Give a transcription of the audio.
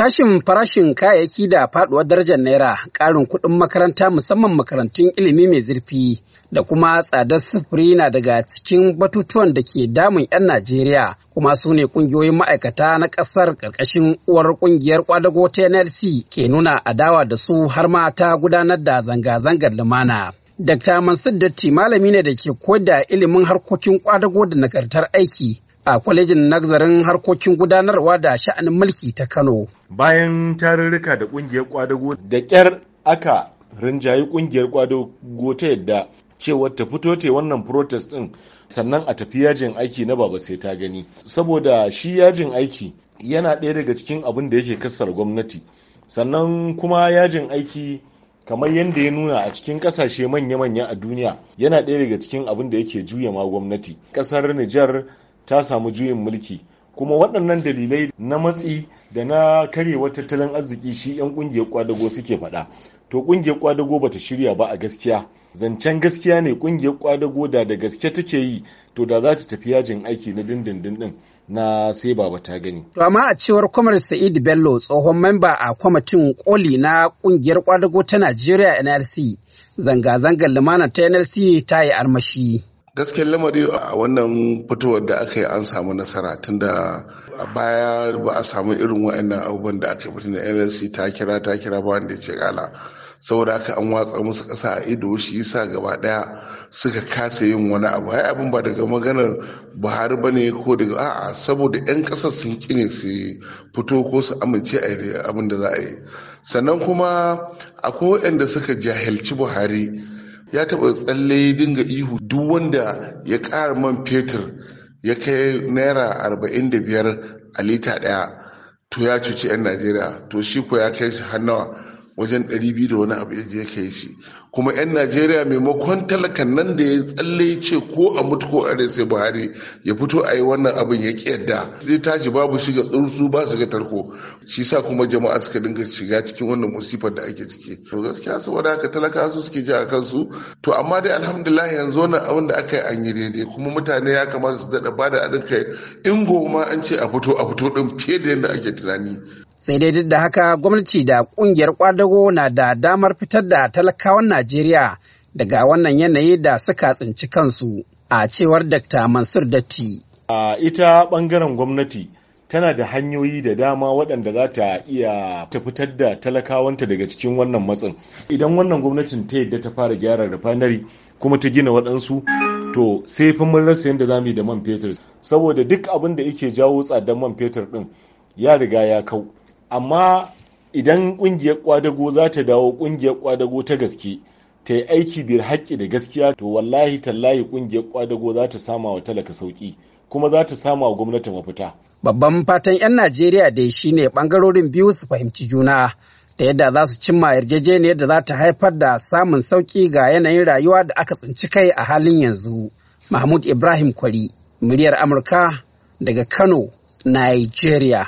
Tashin farashin kayayyaki da faduwar darajar naira, ƙarin kuɗin makaranta musamman makarantun ilimi mai zurfi da kuma tsadar sufuri na daga cikin batutuwan da ke damun 'yan Najeriya kuma su ne ƙungiyoyin ma'aikata na ƙasar ƙarƙashin uwar ƙungiyar kwadago ta NLC ke nuna adawa da su har ma ta gudanar da zanga-zangar lumana. Dr. Mansur Datti malami ne da ke koyar da ilimin harkokin kwadago da nagartar aiki a kwalejin nazarin harkokin gudanarwa da sha'anin mulki ta Kano. Bayan tarurruka da kungiyar kwadago da ƙyar aka rinjayi kungiyar kwadago ta yadda cewa ta fito te wannan protest din sannan a tafi yajin aiki na baba sai ta gani saboda shi yajin aiki yana ɗaya daga cikin abin da yake kassar gwamnati sannan kuma yajin aiki kamar yadda ya nuna a cikin kasashe manya-manya a duniya yana ɗaya daga cikin abin da yake juya ma gwamnati ƙasar Nijar ta samu juyin mulki kuma waɗannan dalilai na matsi da na karewa tattalin arziki shi 'yan ƙungiyar kwadago suke faɗa to ƙungiyar kwadago bata shirya ba a gaskiya zancen gaskiya ne ƙungiyar kwadago da da gaske take yi to da za ta tafi yajin aiki na dindindin din na sai ba ta gani. To amma a cewar Kwamar Sa'id Bello tsohon memba a kwamitin koli na ƙungiyar kwadago ta Najeriya NLC zanga-zangar lumana ta NLC ta yi armashi. gaskiyar lamari a wannan fitowar da aka yi an samu nasara tunda a baya ba a samu irin wa'annan abubuwan da aka yi da nlc ta kira ta kira ba wanda ya ce kala saboda haka an watsa musu ƙasa a ido shi yasa gaba ɗaya suka kasa yin wani abu ai abin ba daga maganar buhari ba ne ko daga a'a saboda 'yan ƙasar sun kine su fito ko su amince a abin da za a yi sannan kuma akwai waɗanda suka jahilci buhari ya taɓa tsalle dinga ihu duk wanda ya ƙara man fetur ya kai naira arba'in da biyar a lita ɗaya to ya cuci 'yan najeriya to shi ko ya kai shi hannawa wajen 200 da wani abu ya je kai shi kuma 'yan najeriya maimakon talakan nan da ya tsalle ce ko a mutu ko a sai buhari ya fito a yi wannan abin ya kiyarda zai tashi babu shiga tsurtsu ba su ga tarko shi sa kuma jama'a suka dinga shiga cikin wannan musifar da ake ciki to gaskiya saboda haka talaka su suke ji a kansu to amma dai alhamdulillah yanzu wannan abin da aka yi an yi daidai kuma mutane ya kamata su daɗa bada haɗin kai in goma an ce a fito a fito ɗin fiye da yadda ake tunani sai dai duk da haka gwamnati da kungiyar kwadago na da damar fitar da talakawan najeriya daga wannan yanayi da suka tsinci kansu a cewar dr mansur datti a ita bangaren gwamnati tana da hanyoyi da dama waɗanda za ta iya ta fitar da talakawanta daga cikin wannan matsin idan wannan gwamnatin ta yadda ta fara gyara refinery kuma ta gina waɗansu to sai fi mun rasa yadda zamu yi da man fetur saboda duk abin da yake jawo tsadar man fetur ɗin ya riga ya kau amma idan ƙungiyar kwadago za ta dawo ƙungiyar kwadago ta gaske ta yi aiki da haƙƙi da gaskiya to wallahi tallahi ƙungiyar kwadago za ta sama wa talaka sauƙi kuma za ta sama wa gwamnati mafita. Babban fatan 'yan Najeriya da dai shine ɓangarorin biyu su fahimci juna da yadda za su cimma yarjejeniyar da za ta haifar da samun sauƙi ga yanayin rayuwa da aka tsinci kai a halin yanzu. Mahmud Ibrahim Kwari, muryar Amurka daga Kano, Nigeria.